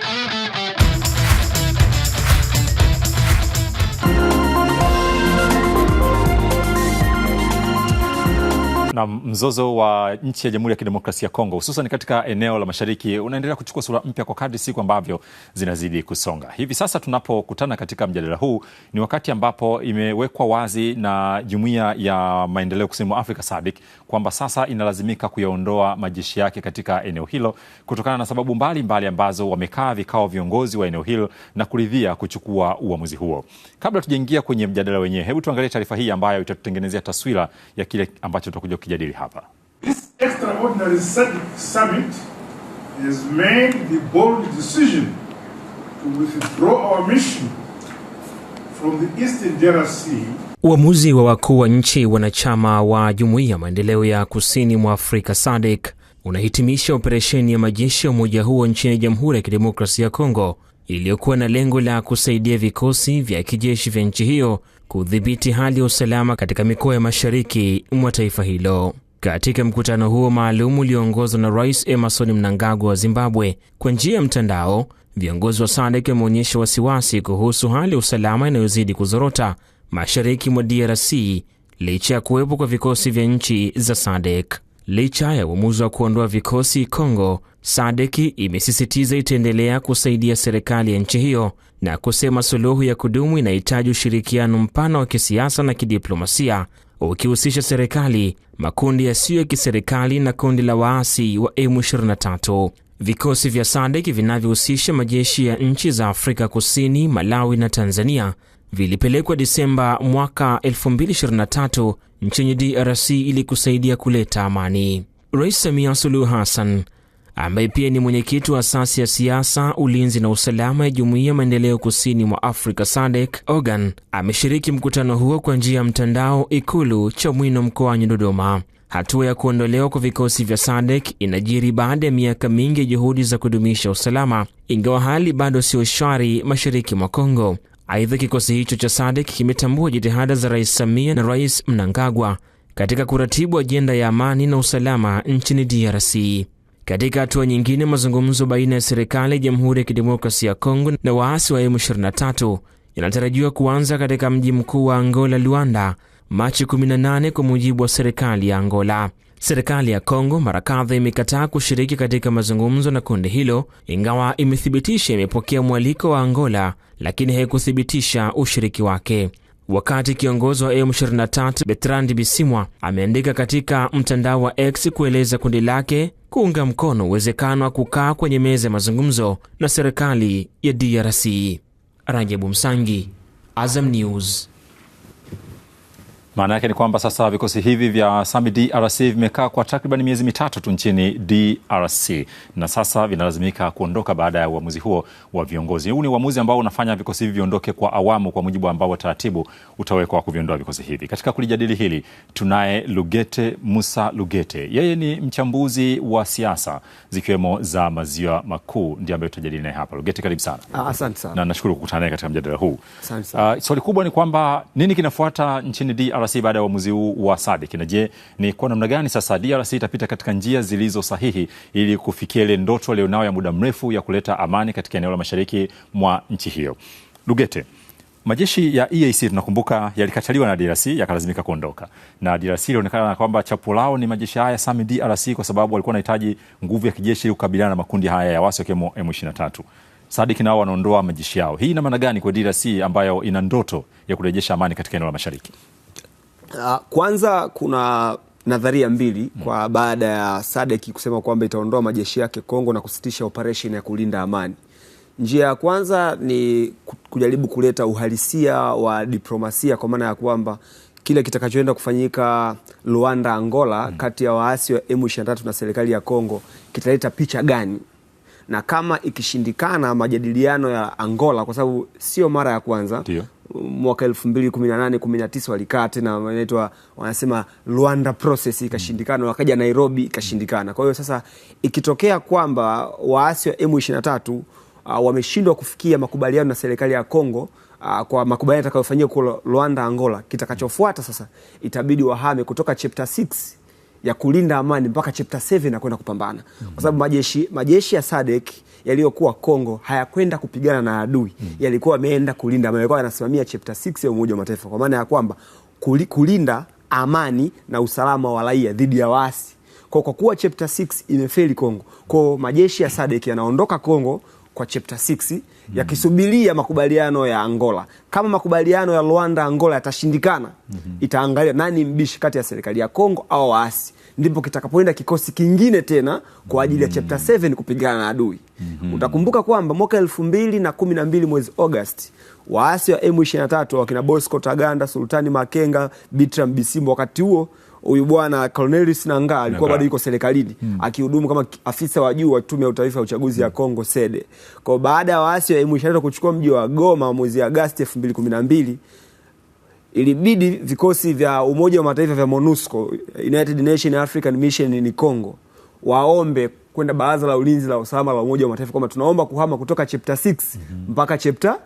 Thank you. na mzozo wa nchi ya Jamhuri ya Kidemokrasia ya Kongo hususan katika eneo la mashariki unaendelea kuchukua sura mpya kwa kadri siku ambavyo zinazidi kusonga. Hivi sasa tunapokutana katika mjadala huu ni wakati ambapo imewekwa wazi na Jumuiya ya Maendeleo Kusini mwa Afrika SADC kwamba sasa inalazimika kuyaondoa majeshi yake katika eneo hilo kutokana na sababu mbalimbali mbali ambazo wamekaa vikao viongozi wa eneo hilo na kuridhia kuchukua uamuzi huo. Kabla tujaingia kwenye mjadala wenyewe, hebu tuangalie taarifa hii ambayo itatutengenezea taswira ya kile ambacho tutakuja tunakijadili hapa. This extraordinary summit has made the bold decision to withdraw our mission from the Eastern DRC. Uamuzi wa wakuu wa nchi wanachama wa Jumuiya ya Maendeleo ya Kusini mwa Afrika SADC unahitimisha operesheni ya majeshi ya umoja huo nchini Jamhuri ya Kidemokrasia ya Kongo iliyokuwa na lengo la kusaidia vikosi vya kijeshi vya nchi hiyo kudhibiti hali ya usalama katika mikoa ya mashariki mwa taifa hilo. Katika mkutano huo maalum ulioongozwa na Rais Emerson Mnangagwa wa Zimbabwe kwa njia ya mtandao, viongozi wa SADC wameonyesha wasiwasi kuhusu hali ya usalama inayozidi kuzorota mashariki mwa DRC licha ya kuwepo kwa vikosi vya nchi za SADC. Licha ya uamuzi wa kuondoa vikosi congo Sadeki imesisitiza itaendelea kusaidia serikali ya nchi hiyo na kusema suluhu ya kudumu inahitaji ushirikiano mpana wa kisiasa na kidiplomasia ukihusisha serikali, makundi yasiyo ya kiserikali na kundi la waasi wa M23. Vikosi vya sadiki vinavyohusisha majeshi ya nchi za Afrika Kusini, Malawi na Tanzania vilipelekwa Disemba mwaka 2023 nchini DRC ili kusaidia kuleta amani. Rais Samia Suluhu Hassan ambaye pia ni mwenyekiti wa asasi ya siasa, ulinzi na usalama ya jumuiya maendeleo kusini mwa Afrika SADC, Ogan ameshiriki mkutano huo kwa njia ya mtandao Ikulu Chamwino mkoani Dodoma. Hatua ya kuondolewa kwa vikosi vya SADC inajiri baada ya miaka mingi ya juhudi za kudumisha usalama, ingawa hali bado sio shwari mashariki mwa Kongo. Aidha, kikosi hicho cha SADC kimetambua jitihada za Rais Samia na Rais Mnangagwa katika kuratibu ajenda ya amani na usalama nchini DRC. Katika hatua nyingine, mazungumzo baina ya serikali ya Jamhuri ya Kidemokrasia ya Kongo na waasi wa M23 yanatarajiwa kuanza katika mji mkuu wa Angola, Luanda, Machi 18 kwa mujibu wa serikali ya Angola. Serikali ya Kongo mara kadha imekataa kushiriki katika mazungumzo na kundi hilo, ingawa imethibitisha imepokea mwaliko wa Angola, lakini haikuthibitisha ushiriki wake. Wakati kiongozi wa M23 Bertrand Bisimwa ameandika katika mtandao wa X kueleza kundi lake kuunga mkono uwezekano wa kukaa kwenye meza ya mazungumzo na serikali ya DRC. Rajabu Msangi, Azam News. Maana yake ni kwamba sasa vikosi hivi vya SAMI DRC vimekaa kwa takriban miezi mitatu tu nchini DRC na sasa vinalazimika kuondoka baada ya uamuzi huo wa viongozi. Huu ni uamuzi ambao unafanya vikosi hivi viondoke kwa awamu, kwa mujibu ambao utaratibu utawekwa kuviondoa vikosi hivi. Katika kulijadili hili tunaye Lugete Musa Lugete, yeye ni mchambuzi wa siasa zikiwemo za maziwa makuu, ndio ambaye tutajadili naye hapa. Lugete, karibu sana. Ah, asante sana na nashukuru kukutana naye katika mjadala huu. Asante sana. Uh, swali kubwa ni kwamba nini kinafuata nchini DRC? DRC baada ya uamuzi huu wa SADC. Na je, ni kwa namna gani sasa DRC itapita katika njia zilizo sahihi ili kufikia ile ndoto aliyonayo ya muda mrefu ya kuleta amani katika eneo la mashariki mwa nchi hiyo? Lugete, majeshi ya EAC tunakumbuka yalikataliwa na DRC yakalazimika kuondoka, na DRC ilionekana kwamba chapu lao ni majeshi haya SAMI DRC kwa sababu walikuwa wanahitaji nguvu ya kijeshi ili kukabiliana na makundi haya ya wasi wakiwemo M23. Sadiki nao wanaondoa majeshi yao. Hii ina maana gani kwa DRC ambayo ina ndoto ya kurejesha amani katika eneo la mashariki? Uh, kwanza kuna nadharia mbili mm. kwa baada ya SADC kusema kwamba itaondoa majeshi yake Kongo na kusitisha operation ya kulinda amani. Njia ya kwanza ni kujaribu kuleta uhalisia wa diplomasia kwa maana ya kwamba kile kitakachoenda kufanyika Luanda, Angola mm. kati ya waasi wa M23 na serikali ya Kongo kitaleta picha gani? Na kama ikishindikana majadiliano ya Angola, kwa sababu sio mara ya kwanza mwaka elfu mbili kumi na nane kumi na tisa walikaa tena, wanaitwa wanasema Rwanda process ikashindikana, mm. wakaja Nairobi ikashindikana. Kwa hiyo sasa ikitokea kwamba waasi wa M23 uh, wameshindwa kufikia makubaliano na serikali ya Kongo uh, kwa makubaliano yatakayofanyia kwa Rwanda Angola, kitakachofuata sasa itabidi wahame kutoka chapter 6 ya kulinda amani mpaka chapter 7 na kwenda kupambana, mm. kwa sababu majeshi majeshi ya SADC yaliyokuwa Kongo hayakwenda kupigana na adui mm. yalikuwa ameenda kulinda, yalikuwa yanasimamia chapter 6 ya Umoja wa Mataifa, kwa maana ya kwamba kulinda amani na usalama wa raia dhidi ya waasi. Kwa kwa kuwa chapter 6 imefeli Kongo, kwa majeshi ya SADC yanaondoka Kongo kwa chapter 6 hmm. yakisubiria makubaliano ya Angola. Kama makubaliano ya Rwanda Angola yatashindikana, mm -hmm. itaangalia nani mbishi kati ya serikali ya Kongo au waasi ndipo kitakapoenda kikosi kingine tena kwa ajili ya chapter 7 mm. kupigana na adui. mm -hmm. Utakumbuka kwamba mwaka 2012 mwezi Agosti waasi wa M23 wakina Bosco Taganda, Sultani Makenga, Bitram Bisimbo, wakati huo huyu bwana Colonel Sinanga alikuwa bado yuko serikalini hmm, akihudumu kama afisa wa juu wa tume ya utaifa ya uchaguzi ya Kongo mm. SEDE. Kwa baada ya waasi wa M23 kuchukua mji wa Goma mwezi Agasti 2012 ilibidi vikosi vya Umoja wa Mataifa vya MONUSCO, United Nation African Mission ni Congo, waombe kwenda Baraza la Ulinzi la Usalama la Umoja wa Mataifa kwamba tunaomba kuhama kutoka chapter 6 mm -hmm. mpaka chapter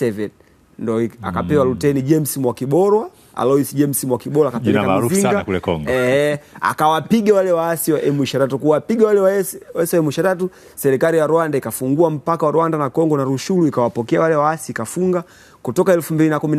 7 ndo mm -hmm. Luteni James Mwakiborwa Alois James Mwakibola akapeleka Mzinga eh, akawapiga wale waasi wa M23. Kuwapiga wale waasi wa M23, serikali ya Rwanda ikafungua mpaka wa Rwanda na Kongo na Rushuru, ikawapokea wale waasi ikafunga kutoka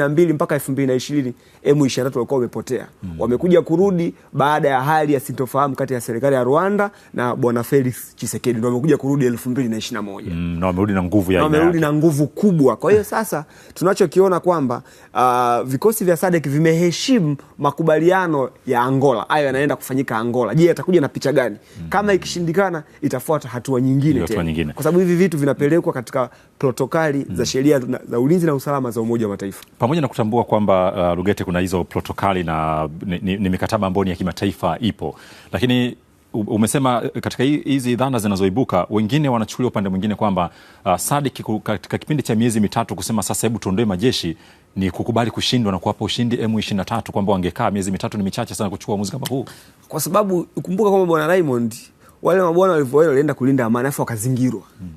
mbili mpaka ishirini M23 walikuwa wamepotea mm. Wamekuja kurudi baada ya hali ya sintofahamu kati ya serikali ya Rwanda na bwana Felix Chisekedi ndo wamekuja kurudi 2021 mm, na wamerudi na nguvu ya wamerudi na nguvu kubwa. Kwa hiyo sasa tunachokiona kwamba uh, vikosi vya SADC vimeheshimu makubaliano ya Angola, hayo yanaenda kufanyika Angola. Je, atakuja na picha gani? mm. Kama ikishindikana itafuata hatua nyingine kwa sababu hivi vitu vinapelekwa katika protokali mm. za hmm. sheria za ulinzi na usalama za Umoja wa Mataifa. Pamoja na kutambua kwamba uh, Lugete, kuna hizo protokali na ni, ni, ni mikataba ambayo ni ya kimataifa ipo, lakini umesema uh, katika hizi dhana zinazoibuka wengine wanachukulia upande mwingine kwamba uh, Sadiki katika kipindi cha miezi mitatu kusema sasa hebu tuondoe majeshi ni kukubali kushindwa na kuwapa ushindi M23, kwamba wangekaa miezi mitatu ni michache sana kuchukua uamuzi kama huu, kwa sababu kumbuka kwamba bwana Raymond, wale mabwana walivyoenda kulinda amani afu wakazingirwa hmm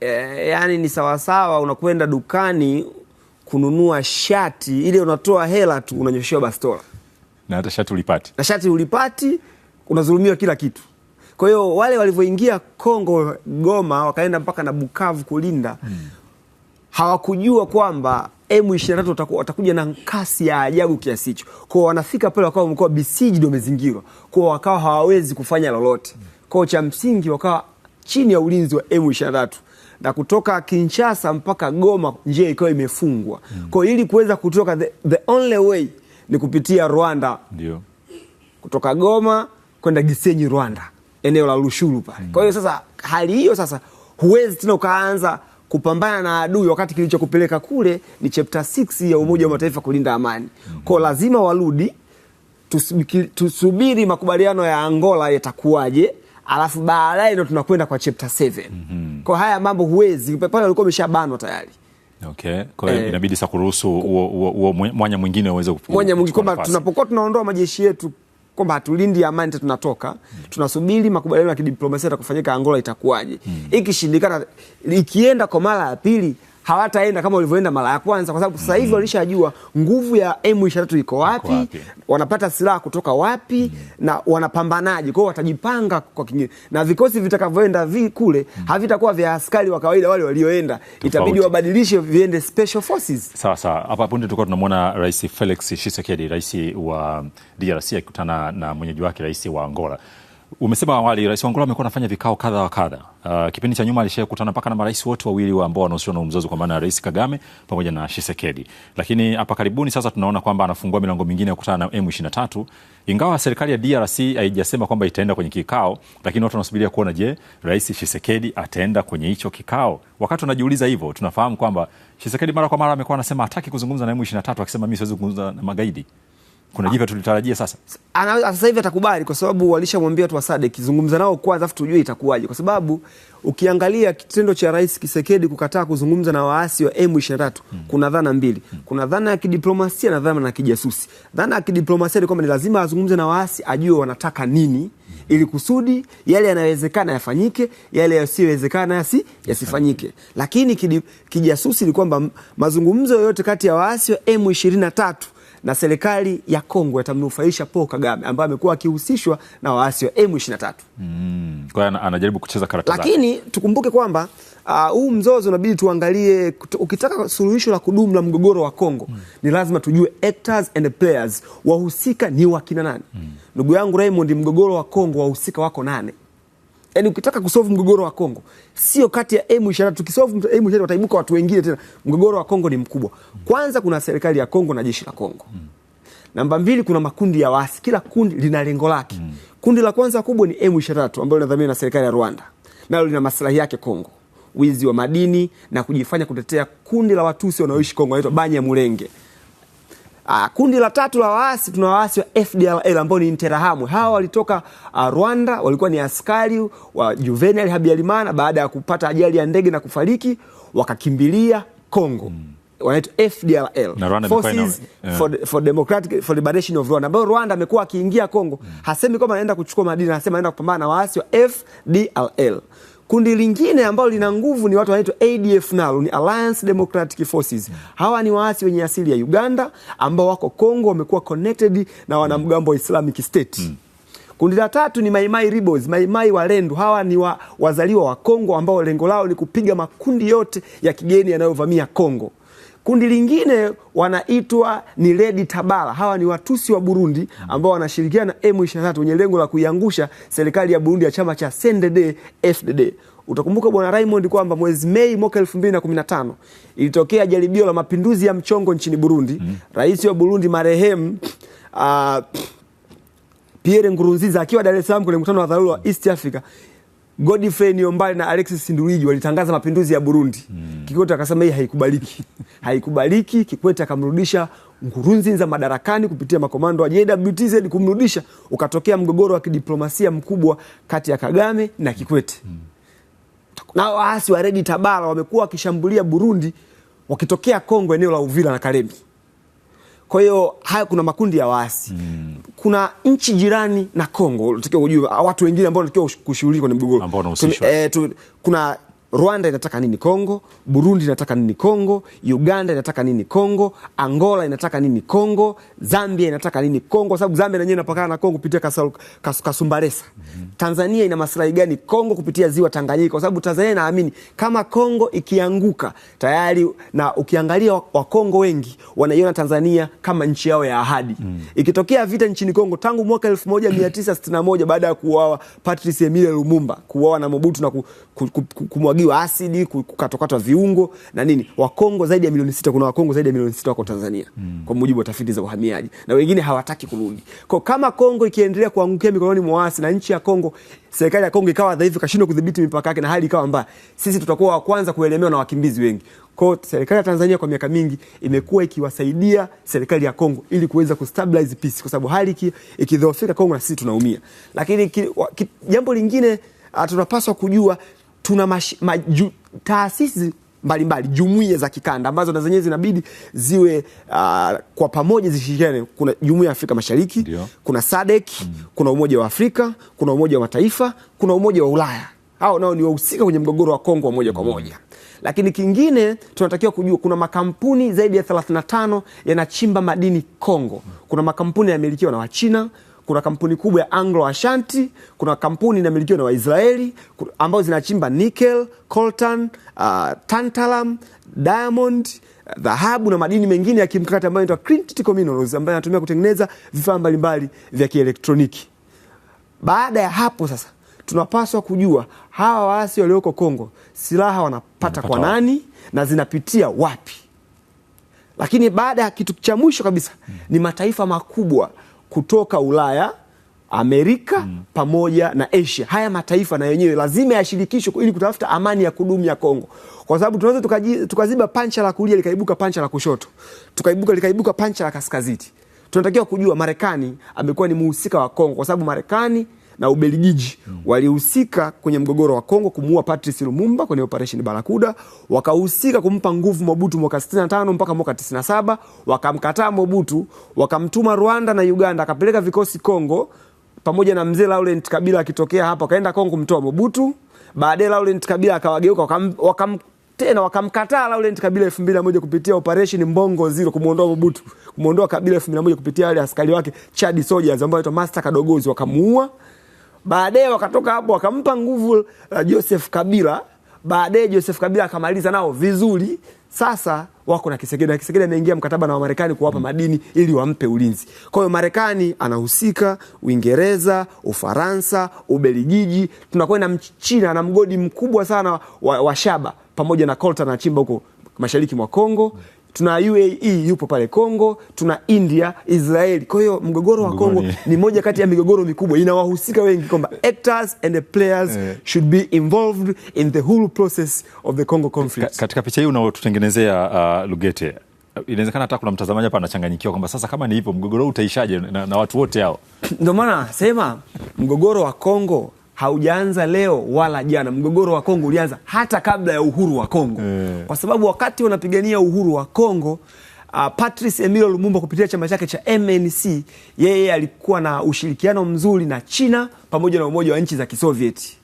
eh, yani ni sawasawa unakwenda dukani kununua shati ile, unatoa hela tu unanyoshewa bastola na hata shati ulipati, na shati ulipati, unazulumiwa kila kitu. Kwa hiyo wale walivyoingia Kongo Goma, wakaenda mpaka na Bukavu kulinda hmm, hawakujua kwamba M23 watakuja na kasi ya ajabu kiasi hicho. Kwa wanafika pale wakawa mkoa bisiji ndio umezingirwa. Kwa wakawa hawawezi kufanya lolote. Kwa cha msingi wakawa chini ya ulinzi wa M23 na kutoka Kinshasa mpaka Goma njia ikiwa imefungwa mm. Kwa ili kuweza kutoka the, the only way ni kupitia Rwanda Dio. kutoka Goma kwenda Gisenyi Rwanda, eneo la Rushuru pale mm. Kwa hiyo sasa, hali hiyo sasa, huwezi tena ukaanza kupambana na adui wakati kilichokupeleka kule ni chapter 6 ya Umoja wa Mataifa kulinda amani mm -hmm. Kwa lazima warudi, tusubiri makubaliano ya Angola yatakuwaje alafu baadaye ndo tunakwenda kwa chapter 7. Mm -hmm. Kwa haya mambo huwezi pale, walikuwa umeshabanwa tayari. Okay. Kwa hiyo eh, inabidi sasa kuruhusu huo mwanya mwingine uweze mwanya mwingine, kwamba tunapokuwa tunaondoa majeshi yetu kwamba hatulindi amani, tunatoka mm. tunasubiri makubaliano ya kidiplomasia yatakufanyika Angola, itakuwaje? mm. Ikishindikana, ikienda kwa mara ya pili hawataenda kama walivyoenda mara ya kwanza, kwa sababu sasa hivi mm. walishajua nguvu ya M23 iko wapi, wapi, wanapata silaha kutoka wapi mm. na wanapambanaje. Kwao watajipanga kwa kingine, na vikosi vitakavyoenda vi kule mm. havitakuwa vya askari wa kawaida wale walioenda, itabidi wabadilishe viende special forces. Sawa sawa. Hapa punde tulikuwa tunamwona Rais Felix Tshisekedi, rais wa DRC akikutana na mwenyeji wake rais wa Angola. Umesema awali rais Wangula amekuwa anafanya vikao kadha wa kadha. Uh, kipindi cha nyuma alishakutana mpaka na marais wote wawili wa ambao wanahusishwa na mzozo kwa maana ya Rais Kagame pamoja na Tshisekedi. Lakini hapa karibuni sasa tunaona kwamba anafungua milango mingine ya kukutana na M23 ingawa serikali ya DRC haijasema kwamba itaenda kwenye kikao, lakini watu wanasubiria kuona, je, Rais Tshisekedi ataenda kwenye hicho kikao? Wakati unajiuliza hivyo, tunafahamu kwamba Tshisekedi mara kwa mara amekuwa anasema hataki kuzungumza na M23 akisema mimi siwezi kuzungumza na magaidi kuna jipya tulitarajia sasa. Sasa hivi atakubali kwa sababu walishamwambia watu wa SADC zungumza nao kwanza, afu tujue itakuwaje, kwa sababu ukiangalia kitendo cha Rais Kisekedi kukataa kuzungumza na waasi wa M23 hmm. kuna dhana mbili hmm. kuna dhana ya kidiplomasia na dhana ya kijasusi. Dhana ya kidiplomasia ni kwamba ni lazima azungumze na waasi, ajue wanataka nini hmm. ili kusudi yale yanayowezekana yafanyike, yale yasiyowezekana yasi, yasifanyike. Lakini kijasusi ni kwamba mazungumzo yoyote kati ya waasi wa M23 na serikali ya Kongo yatamnufaisha Paul Kagame ambaye amekuwa akihusishwa na waasi wa M23. Mm. Kwa hiyo anajaribu kucheza karata Lakini tukumbuke kwamba uh, huu uh, mzozo unabidi tuangalie, ukitaka suluhisho la kudumu la mgogoro wa Kongo mm. ni lazima tujue actors and players, wahusika ni wakina nani? Mm. Ndugu mm. yangu Raymond, mgogoro wa Kongo wahusika wako nane? yani ukitaka kusolve mgogoro wa Kongo sio kati ya M23. Tukisolve M23 wataibuka watu wengine tena, mgogoro wa Kongo ni mkubwa. Kwanza kuna serikali ya Kongo na jeshi la Kongo Namba mbili, kuna makundi ya waasi, kila kundi lina lengo lake Kundi la kwanza kubwa ni M23 ambalo linadhamini na serikali ya Rwanda, nalo lina maslahi yake Kongo, wizi wa madini na kujifanya kutetea kundi la Watusi wanaoishi Kongo, wanaitwa Banyamulenge. Uh, kundi la tatu la waasi tuna waasi wa FDLR ambao ni Interahamwe. Hawa walitoka uh, Rwanda, walikuwa ni askari wa Juvenal Habyarimana baada ya kupata ajali ya ndege na kufariki, wakakimbilia Kongo mm. Wanaitwa FDLR Forces for, for Democratic for Liberation of Rwanda, ambayo Rwanda amekuwa akiingia Kongo mm. Hasemi kwamba anaenda kuchukua madini, anasema anaenda kupambana na waasi wa FDLR. Kundi lingine ambalo lina nguvu ni watu wanaitwa ADF nalo ni Alliance Democratic Forces. Hawa ni waasi wenye asili ya Uganda ambao wako Kongo, wamekuwa connected na wanamgambo wa Islamic State mm. Kundi la tatu ni Maimai Rebels, Maimai Walendu. Hawa ni wa, wazaliwa wa Kongo ambao lengo lao ni kupiga makundi yote ya kigeni yanayovamia Kongo. Kundi lingine wanaitwa ni Redi Tabara. Hawa ni Watusi wa Burundi ambao wanashirikiana na M23 wenye lengo la kuiangusha serikali ya Burundi ya chama cha CNDD FDD. Utakumbuka Bwana Raymond kwamba mwezi Mei mwaka 2015 ilitokea jaribio la mapinduzi ya mchongo nchini Burundi. Mm. Rais wa Burundi marehemu uh, Pierre Nkurunziza akiwa Dar es Salaam kwenye mkutano wa dharura wa East Africa Godfrey Niyombare na Alexis Sindulijo walitangaza mapinduzi ya Burundi. Mm. Kikwete akasema hii haikubaliki. haikubaliki. Kikwete akamrudisha Nkurunziza madarakani kupitia makomando wa JWTZ kumrudisha, ukatokea mgogoro wa kidiplomasia mkubwa kati ya Kagame na Kikwete. Mm. Na waasi wa redi Tabara wamekuwa wakishambulia Burundi wakitokea Kongo eneo la Uvira na Kalemie. Kwa hiyo haya, kuna makundi ya waasi mm. Kuna nchi jirani na Kongo, unatakiwa kujua watu wengine ambao wanatakiwa kushughulika kwenye mgogoro, eh, kuna Rwanda inataka nini Kongo? Burundi inataka nini Kongo? Uganda inataka nini Kongo? Angola inataka nini Kongo? Zambia inataka nini Kongo? Kwa sababu Zambia yenyewe inapakana na Kongo kupitia kas, kasumbaresa mm-hmm. Tanzania ina maslahi gani Kongo kupitia ziwa Tanganyika? Kwa sababu Tanzania inaamini kama Kongo ikianguka tayari, na ukiangalia Wakongo wengi wanaiona Tanzania kama nchi yao ya ahadi. Mm. hmm Ikitokea vita nchini Kongo tangu mwaka 1961 baada ya kuuawa Patrice Emile Lumumba, kuuawa na Mobutu na ku, ku, ku, ku, ku, kumwagiwa asidi, kukatokatwa viungo na nini. Wakongo zaidi ya milioni sita, kuna Wakongo zaidi ya milioni sita wako Tanzania mm. kwa mujibu wa tafiti za uhamiaji, na wengine hawataki kurudi. Kwa kama Kongo ikiendelea kuangukia mikononi mwa waasi na nchi ya Kongo, serikali ya Kongo ikawa dhaifu, kashindwa kudhibiti mipaka yake na hali ikawa mbaya, sisi tutakuwa wa kwanza kuelemewa na wakimbizi wengi. Kwa serikali ya Tanzania kwa miaka mingi imekuwa ikiwasaidia serikali ya Kongo ili kuweza kustabilize peace, kwa sababu hali ikidhoofika Kongo na sisi tunaumia. Lakini jambo lingine ah, tunapaswa kujua tuna taasisi mbalimbali jumuiya za kikanda ambazo na zenyewe zinabidi ziwe uh, kwa pamoja zishirikiane. Kuna jumuiya ya Afrika Mashariki Dio. kuna SADC mm. kuna Umoja wa Afrika, kuna Umoja wa Mataifa, kuna Umoja wa Ulaya. Hao nao ni wahusika kwenye mgogoro wa Kongo wa moja kwa mm. moja mm. Lakini kingine tunatakiwa kujua, kuna makampuni zaidi ya 35 yanachimba madini Kongo. Kuna makampuni yamilikiwa na Wachina kuna kampuni kubwa ya Anglo Ashanti, kuna kampuni inamilikiwa na Waisraeli ambayo zinachimba nickel, coltan, uh, tantalum, diamond dhahabu na madini mengine ya kimkakati ambayo inaitwa critical minerals ambayo yanatumia kutengeneza vifaa mbalimbali vya kielektroniki. Baada ya hapo sasa, tunapaswa kujua hawa waasi walioko Kongo silaha wanapata kwa nani na zinapitia wapi. Lakini baada ya kitu cha mwisho kabisa hmm. ni mataifa makubwa kutoka Ulaya Amerika mm. pamoja na Asia. Haya mataifa na yenyewe lazima yashirikishwe ili kutafuta amani ya kudumu ya Kongo, kwa sababu tunaweza tukaziba pancha la kulia likaibuka pancha la kushoto, tukaibuka likaibuka pancha la kaskazini. Tunatakiwa kujua Marekani amekuwa ni muhusika wa Kongo kwa sababu Marekani na Ubelgiji mm. walihusika kwenye mgogoro wa Kongo kumuua Patrice Lumumba kwenye operation Barakuda, wakahusika kumpa nguvu Mobutu mwaka 65 mpaka mwaka 97, wakamkataa Mobutu, wakamtuma Rwanda na Uganda, akapeleka vikosi Kongo pamoja na mzee Laurent Kabila akitokea hapo, akaenda Kongo kumtoa Mobutu. Baadaye Laurent Kabila akawageuka, wakam, wakam tena wakamkataa Laurent Kabila elfu mbili na moja kupitia operation Mbongo Zero kumwondoa Mobutu, kumwondoa Kabila elfu mbili na moja kupitia wale askari wake Chadi Soldiers ambao anaitwa Master Kadogozi, wakamuua. Baadaye wakatoka hapo wakampa nguvu uh, Joseph Kabila. Baadaye Joseph Kabila akamaliza nao vizuri. Sasa wako na Kisekedi na Kisekedi ameingia mkataba na Wamarekani kuwapa madini ili wampe ulinzi. Kwa hiyo Marekani anahusika, Uingereza, Ufaransa, Ubelgiji, tunakwenda Mchina na mgodi mkubwa sana wa, wa shaba pamoja na kolta na chimba huko mashariki mwa Kongo tuna UAE yupo pale Kongo, tuna India, Israeli. Kwa hiyo mgogoro wa Kongo ni moja kati ya migogoro mikubwa, inawahusika wengi, kwamba actors and the players yeah, should be involved in the whole process of the Congo conflict. Ka katika picha hii unaotutengenezea uh, Lugete, uh, inawezekana hata kuna mtazamaji hapa anachanganyikiwa kwamba sasa kama ni hivyo mgogoro huu utaishaje na, na watu wote hao? Ndio maana nasema mgogoro wa Kongo haujaanza leo wala jana. Mgogoro wa Kongo ulianza hata kabla ya uhuru wa Kongo mm. kwa sababu wakati wanapigania uhuru wa Kongo uh, Patrice Emile Lumumba kupitia chama chake cha MNC, yeye alikuwa na ushirikiano mzuri na China pamoja na Umoja wa Nchi za Kisovieti.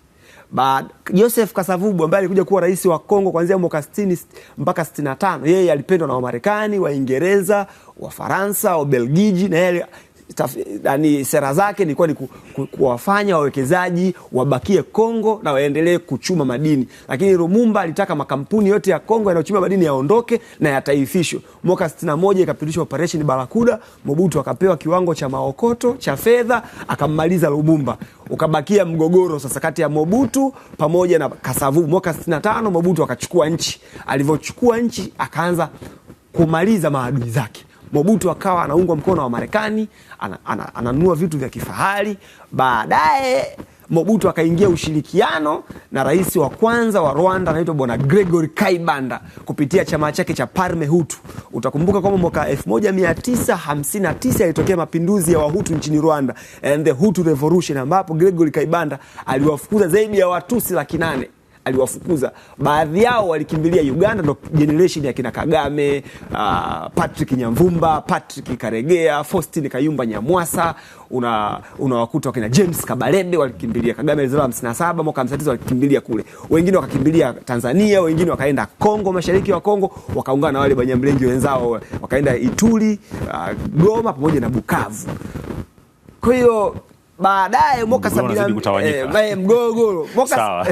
Ba, Joseph Kasavubu ambaye alikuja kuwa rais wa Kongo kuanzia mwaka 60 mpaka 65, yeye alipendwa na Wamarekani, Waingereza, Wafaransa, Wabelgiji na yeye yani sera zake ilikuwa ni kuwafanya wawekezaji wabakie Kongo na waendelee kuchuma madini, lakini Lumumba alitaka makampuni yote ya Kongo yanayochuma madini yaondoke na yataifishwe. Mwaka 61 ikapitishwa operation Barakuda, Mobutu akapewa kiwango cha maokoto cha fedha, akammaliza Lumumba. Ukabakia mgogoro sasa kati ya Mobutu pamoja na Kasavubu. Mwaka 65 Mobutu akachukua nchi, alivyochukua nchi akaanza kumaliza maadui zake. Mobutu akawa anaungwa mkono wa Marekani, ananunua ana, ana vitu vya kifahari. Baadaye Mobutu akaingia ushirikiano na rais wa kwanza wa Rwanda anaitwa Bwana Gregory Kaibanda kupitia chama chake cha Parme Hutu. Utakumbuka kwamba mwaka 1959 alitokea mapinduzi ya Wahutu nchini Rwanda and the Hutu Revolution, ambapo Gregory Kaibanda aliwafukuza zaidi ya Watusi laki nane aliwafukuza baadhi yao, walikimbilia Uganda, ndo generation ya kina Kagame, uh, Patrick Nyamvumba, Patrick Karegea, Faustin Kayumba Nyamwasa, unawakuta una wakina James Kabarebe walikimbilia Kagame alizaliwa hamsini na saba mwaka hamsini walikimbilia kule, wengine wakakimbilia Tanzania, wengine wakaenda Kongo, mashariki wa Kongo, wakaungana na wale Banyamulenge wenzao, wakaenda Ituri, uh, Goma pamoja na Bukavu. Kwa hiyo baadaye mwaka sabini mgogoro mwaka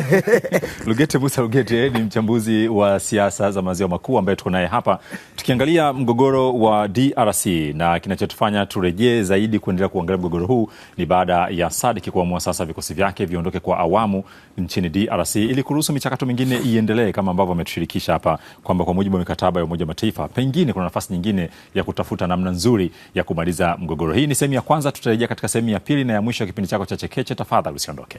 Lugete Musa Lugete ni mchambuzi wa siasa za maziwa makuu ambaye tuko naye hapa tukiangalia mgogoro wa DRC na kinachotufanya turejee zaidi kuendelea kuangalia mgogoro huu ni baada ya SADC kuamua sasa vikosi vyake viondoke kwa awamu nchini DRC ili kuruhusu michakato mingine iendelee kama ambavyo ametushirikisha hapa kwamba kwa mujibu wa mikataba ya Umoja Mataifa pengine kuna nafasi nyingine ya kutafuta namna nzuri ya kumaliza mgogoro. Hii ni sehemu ya kwanza, tutarejea katika sehemu ya pili na ya mwisho wa kipindi chako cha Chekeche. Tafadhali usiondoke.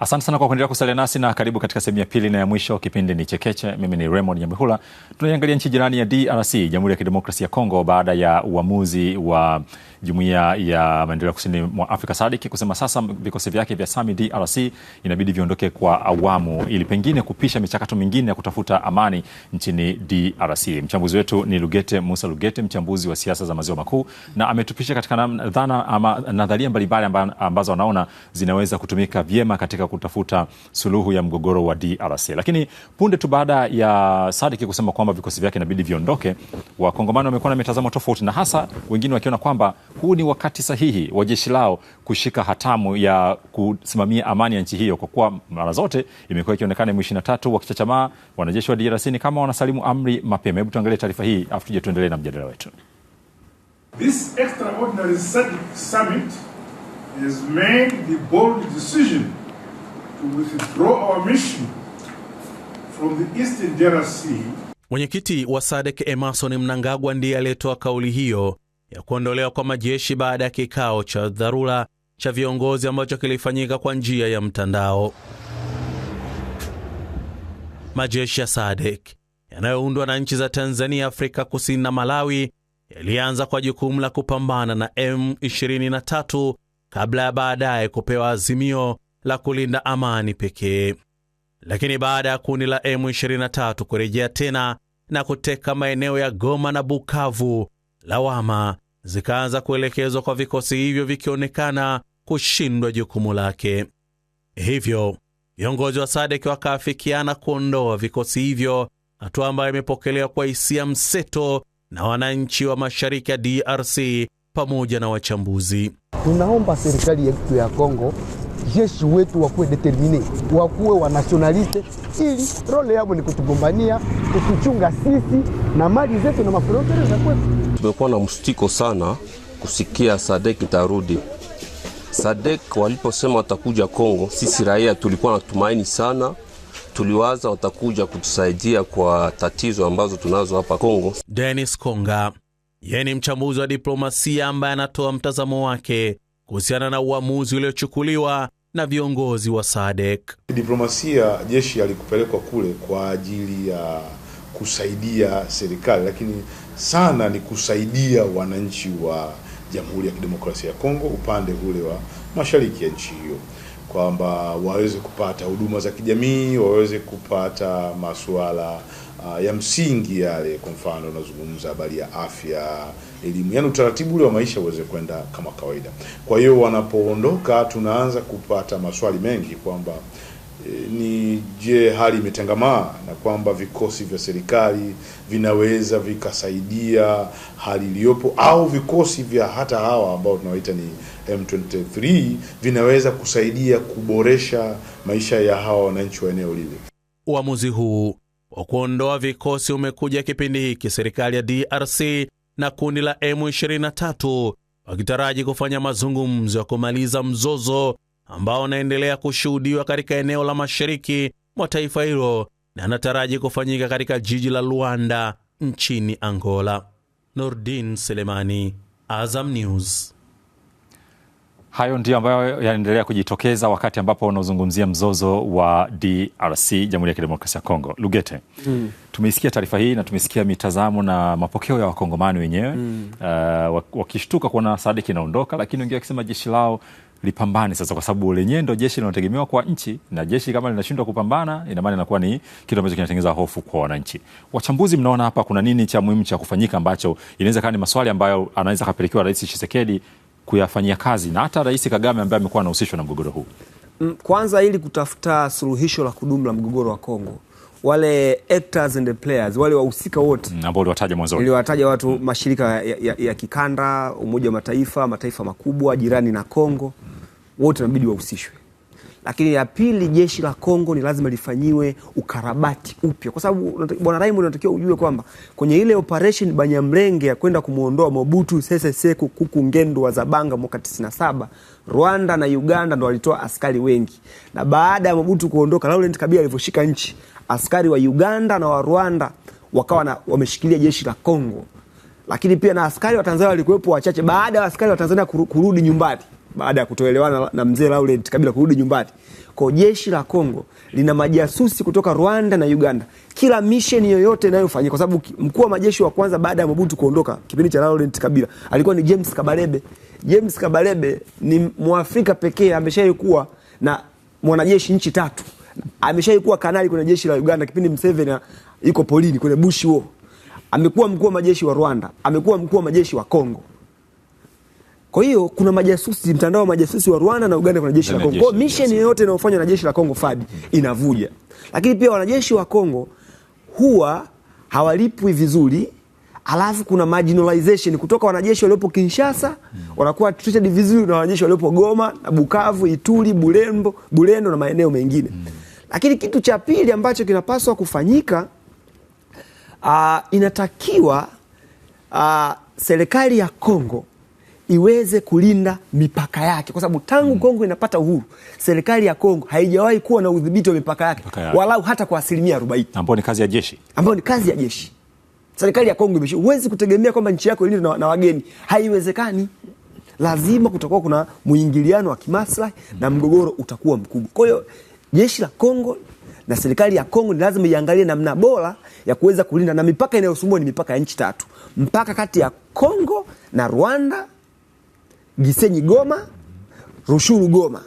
Asante sana kwa kuendelea kusalia nasi na karibu katika sehemu ya pili na ya mwisho. Kipindi ni Chekeche, mimi ni Raymond Nyambihula. Tunaiangalia nchi jirani ya DRC, Jamhuri ya Kidemokrasia ya Kongo, baada ya uamuzi wa jumuiya ya maendeleo ya kusini mwa Afrika SADC kusema sasa vikosi vyake vya SAMI DRC inabidi viondoke kwa awamu ili pengine kupisha michakato mingine ya kutafuta amani nchini DRC. Mchambuzi wetu ni Lugete Musa Lugete, mchambuzi wa siasa za maziwa makuu, na ametupisha katika dhana ama nadharia mbalimbali ambazo anaona zinaweza kutumika vyema katika kutafuta suluhu ya mgogoro wa DRC. Lakini punde tu baada ya SADC kusema kwamba vikosi vyake inabidi viondoke, wakongomani wamekuwa na mitazamo tofauti, na hasa wengine wakiona kwamba huu ni wakati sahihi wa jeshi lao kushika hatamu ya kusimamia amani ya nchi hiyo, kwa kuwa mara zote imekuwa ikionekana M23 wakichachamaa, wanajeshi wa DRC ni kama wanasalimu amri mapema. Hebu tuangalie taarifa hii afu tuje tuendelee na mjadala wetu. This extraordinary summit has made the bold decision to withdraw our mission from the Eastern DRC Mwenyekiti wa SADC Emerson Mnangagwa ndiye aliyetoa kauli hiyo ya kuondolewa kwa majeshi baada ya kikao cha dharura cha viongozi ambacho kilifanyika kwa njia ya mtandao. Majeshi ya SADC yanayoundwa na nchi za Tanzania, Afrika Kusini na Malawi yalianza kwa jukumu la kupambana na M23 kabla ya baadaye kupewa azimio la kulinda amani pekee. Lakini baada ya kundi la M23 kurejea tena na kuteka maeneo ya Goma na Bukavu, lawama zikaanza kuelekezwa kwa vikosi hivyo vikionekana kushindwa jukumu lake. Hivyo viongozi wa Sadeki wakaafikiana kuondoa vikosi hivyo, hatua ambayo imepokelewa kwa hisia mseto na wananchi wa mashariki ya DRC pamoja na wachambuzi. Tunaomba serikali yetu ya Kongo, jeshi wetu wakuwe determine, wakuwe wanasionaliste, ili role yao ni kutugombania, kutuchunga sisi na mali zetu na maprogere za kwetu. Tumekuwa na mstiko sana kusikia Sadek itarudi. Sadek waliposema watakuja Kongo, sisi raia tulikuwa na tumaini sana, tuliwaza watakuja kutusaidia kwa tatizo ambazo tunazo hapa Kongo. Dennis Konga yeye ni mchambuzi wa diplomasia ambaye anatoa mtazamo wake kuhusiana na uamuzi uliochukuliwa na viongozi wa Sadek. Diplomasia, jeshi alikupelekwa kule kwa ajili ya kusaidia serikali, lakini sana ni kusaidia wananchi wa Jamhuri ya Kidemokrasia ya Kongo upande ule wa mashariki ya nchi hiyo, kwamba waweze kupata huduma za kijamii, waweze kupata masuala uh, ya msingi yale. Kwa mfano, unazungumza habari ya afya, elimu, yaani utaratibu ule wa maisha uweze kwenda kama kawaida. Kwa hiyo wanapoondoka, tunaanza kupata maswali mengi kwamba ni je, hali imetengamaa na kwamba vikosi vya serikali vinaweza vikasaidia hali iliyopo, au vikosi vya hata hawa ambao tunawaita ni M23 vinaweza kusaidia kuboresha maisha ya hawa wananchi wa eneo lile. Uamuzi huu wa kuondoa vikosi umekuja kipindi hiki serikali ya DRC na kundi la M23 wakitaraji kufanya mazungumzo ya kumaliza mzozo ambao unaendelea kushuhudiwa katika eneo la mashariki mwa taifa hilo na anataraji kufanyika katika jiji la Luanda nchini Angola. Nordin Selemani, Azam News. Hayo ndiyo ambayo yanaendelea kujitokeza wakati ambapo unaozungumzia mzozo wa DRC, Jamhuri ya Kidemokrasia ya Kongo. Lugete, mm. Tumeisikia taarifa hii na tumesikia mitazamo na mapokeo ya wakongomani wenyewe mm. Uh, wakishtuka kuona Sadiki inaondoka, lakini wengine wakisema jeshi lao lipambane sasa, kwa sababu lenyewe ndo jeshi linalotegemewa kwa nchi, na jeshi kama linashindwa kupambana, ina maana inakuwa ni kitu ambacho kinatengeneza hofu kwa wananchi. Wachambuzi, mnaona hapa kuna nini cha muhimu cha kufanyika ambacho inaweza kaa ni maswali ambayo anaweza kapelekewa Rais Tshisekedi kuyafanyia kazi na hata Rais Kagame ambaye amekuwa anahusishwa na mgogoro huu? Mm, kwanza ili kutafuta suluhisho la kudumu la mgogoro wa Kongo wale actors and players wale wahusika wote mm, ambao uliwataja mwanzo, niliwataja watu mm. mashirika ya, ya, ya kikanda, Umoja wa Mataifa, mataifa makubwa jirani na Kongo, wote inabidi wahusishwe. Lakini ya pili, jeshi la Kongo ni lazima lifanyiwe ukarabati upya, kwa sababu bwana Raymond, unatakiwa ujue kwamba kwenye ile operation Banyamlenge ya kwenda kumwondoa Mobutu Sese Seko Kuku Ngbendu wa Zabanga mwaka 97 Rwanda na Uganda ndo walitoa askari wengi, na baada ya Mobutu kuondoka, Laurent Kabila alivyoshika nchi askari wa Uganda na wa Rwanda wakawa na, wameshikilia jeshi la Kongo, lakini pia na askari wa Tanzania walikuwepo wachache, baada ya askari wa Tanzania kurudi nyumbani baada ya kutoelewana na mzee Laurent Kabila kurudi nyumbani. Kwa jeshi la Kongo lina majasusi kutoka Rwanda na Uganda kila misheni yoyote inayofanyika, kwa sababu mkuu wa majeshi wa kwanza baada ya Mobutu kuondoka kipindi cha Laurent Kabila alikuwa ni James Kabarebe. James Kabarebe ni Mwafrika pekee kuwa na mwanajeshi nchi tatu ameshaikuwa kanali kwenye jeshi la Uganda kipindi mseveni iko polini kwenye bushi huo, amekuwa mkuu wa majeshi wa Rwanda, amekuwa mkuu wa majeshi wa Kongo. Kwa hiyo kuna majasusi, mtandao wa majasusi wa Rwanda na Uganda kuna jeshi la Kongo. kwao misheni yoyote inayofanywa na jeshi la Kongo fadi inavuja, lakini pia wanajeshi wa Kongo huwa hawalipwi vizuri alafu kuna marginalization kutoka wanajeshi waliopo Kinshasa wanakuwa treated vizuri na wanajeshi waliopo Goma na Bukavu, ituli Bulembo, Bulendo na maeneo mengine mm. Lakini kitu cha pili ambacho kinapaswa kufanyika, uh, inatakiwa uh, serikali ya Kongo iweze kulinda mipaka yake kwa sababu tangu mm. Kongo inapata uhuru, serikali ya Kongo haijawahi kuwa na udhibiti wa mipaka yake, yake. walau hata kwa asilimia arobaini ambayo ni kazi ya jeshi, ambayo ni kazi ya jeshi. Serikali ya Kongo imeshi, huwezi kutegemea kwamba nchi yako ilindwe na, na wageni, haiwezekani. Lazima kutakuwa kuna mwingiliano wa kimaslahi na mgogoro utakuwa mkubwa. Kwa hiyo jeshi la Kongo na serikali ya Kongo ni lazima iangalie namna bora ya kuweza kulinda, na mipaka inayosumbua ni mipaka ya nchi tatu, mpaka kati ya Kongo na Rwanda, Gisenyi Goma, Rushuru Goma,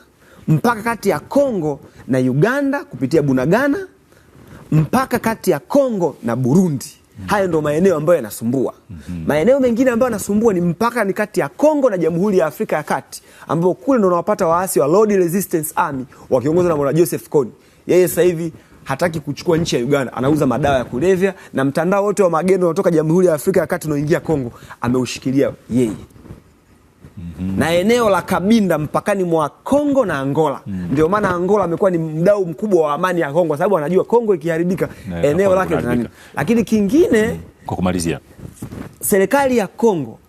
mpaka kati ya Kongo na Uganda kupitia Bunagana, mpaka kati ya Kongo na Burundi haya Hayo ndo maeneo ambayo yanasumbua mhm. Maeneo mengine ambayo yanasumbua ni mpaka ni kati ya Kongo na Jamhuri ya Afrika ya Kati, ambapo kule ndo unawapata waasi wa Lord Resistance Army wakiongozwa na mwana Joseph Kony. Yeye sasa hivi hataki kuchukua nchi ya Uganda, anauza madawa ya kulevya na mtandao wote wa magendo unaotoka Jamhuri ya Afrika ya Kati unaoingia Kongo ameushikilia yeye. -hmm. na eneo la Kabinda mpakani mwa Kongo na Angola mm -hmm. Ndio maana Angola amekuwa ni mdau mkubwa wa amani ya Kongo kwa sababu anajua Kongo ikiharibika eneo lake lina. Lakini kingine mm -hmm. kwa kumalizia, serikali ya Kongo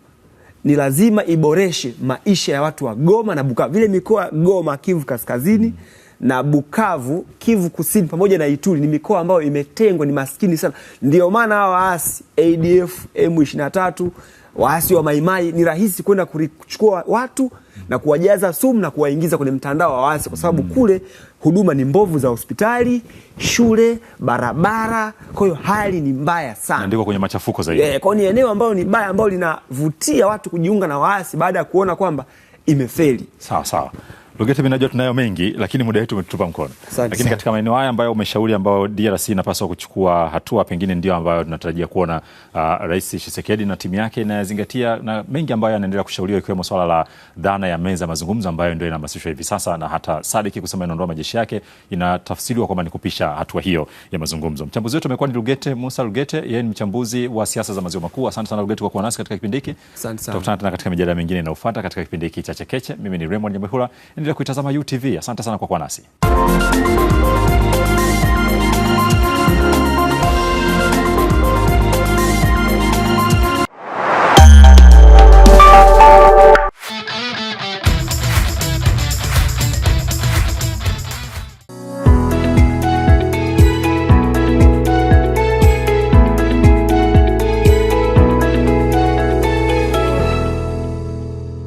ni lazima iboreshe maisha ya watu wa Goma na Bukavu, vile mikoa Goma, Kivu Kaskazini mm -hmm na Bukavu, Kivu Kusini pamoja na Ituri ni mikoa ambayo imetengwa, ni maskini sana. Ndio maana hawa waasi ADF, M23 waasi wa maimai ni rahisi kwenda kuchukua watu na kuwajaza sumu na kuwaingiza kwenye mtandao wa waasi, kwa sababu mm. kule huduma ni mbovu za hospitali, shule, barabara. Kwa hiyo hali ni mbaya sana, ndiko kwenye machafuko zaidi. Yeah, kwao ni eneo ambalo ni baya, ambalo linavutia watu kujiunga na waasi baada ya kuona kwamba imefeli. Sawa sawa. Lugeto, mimi tunayo mengi lakini muda wetu umetupa mkono. Lakini katika maeneo haya ambayo umeshauri ambayo DRC inapaswa kuchukua hatua, pengine ndio ambayo tunatarajia kuona uh, Rais Tshisekedi na timu yake inayazingatia na mengi ambayo yanaendelea kushauriwa, ikiwemo swala la dhana ya meza mazungumzo ambayo ndio inahamasishwa hivi sasa, na hata Sadiki kusema inaondoa majeshi yake inatafsiriwa kwamba ni kupisha hatua hiyo ya mazungumzo. Mchambuzi wetu amekuwa ni Lugete Musa Lugete, yeye ni mchambuzi wa siasa za maziwa makuu. Asante sana Lugete kwa kuwa nasi katika kipindi hiki. Tutakutana tena katika mijadala mingine inayofuata katika kipindi hiki cha Chekeche. Mimi ni Raymond Nyamwihula endelea kuitazama UTV. Asante sana kwa kuwa nasi.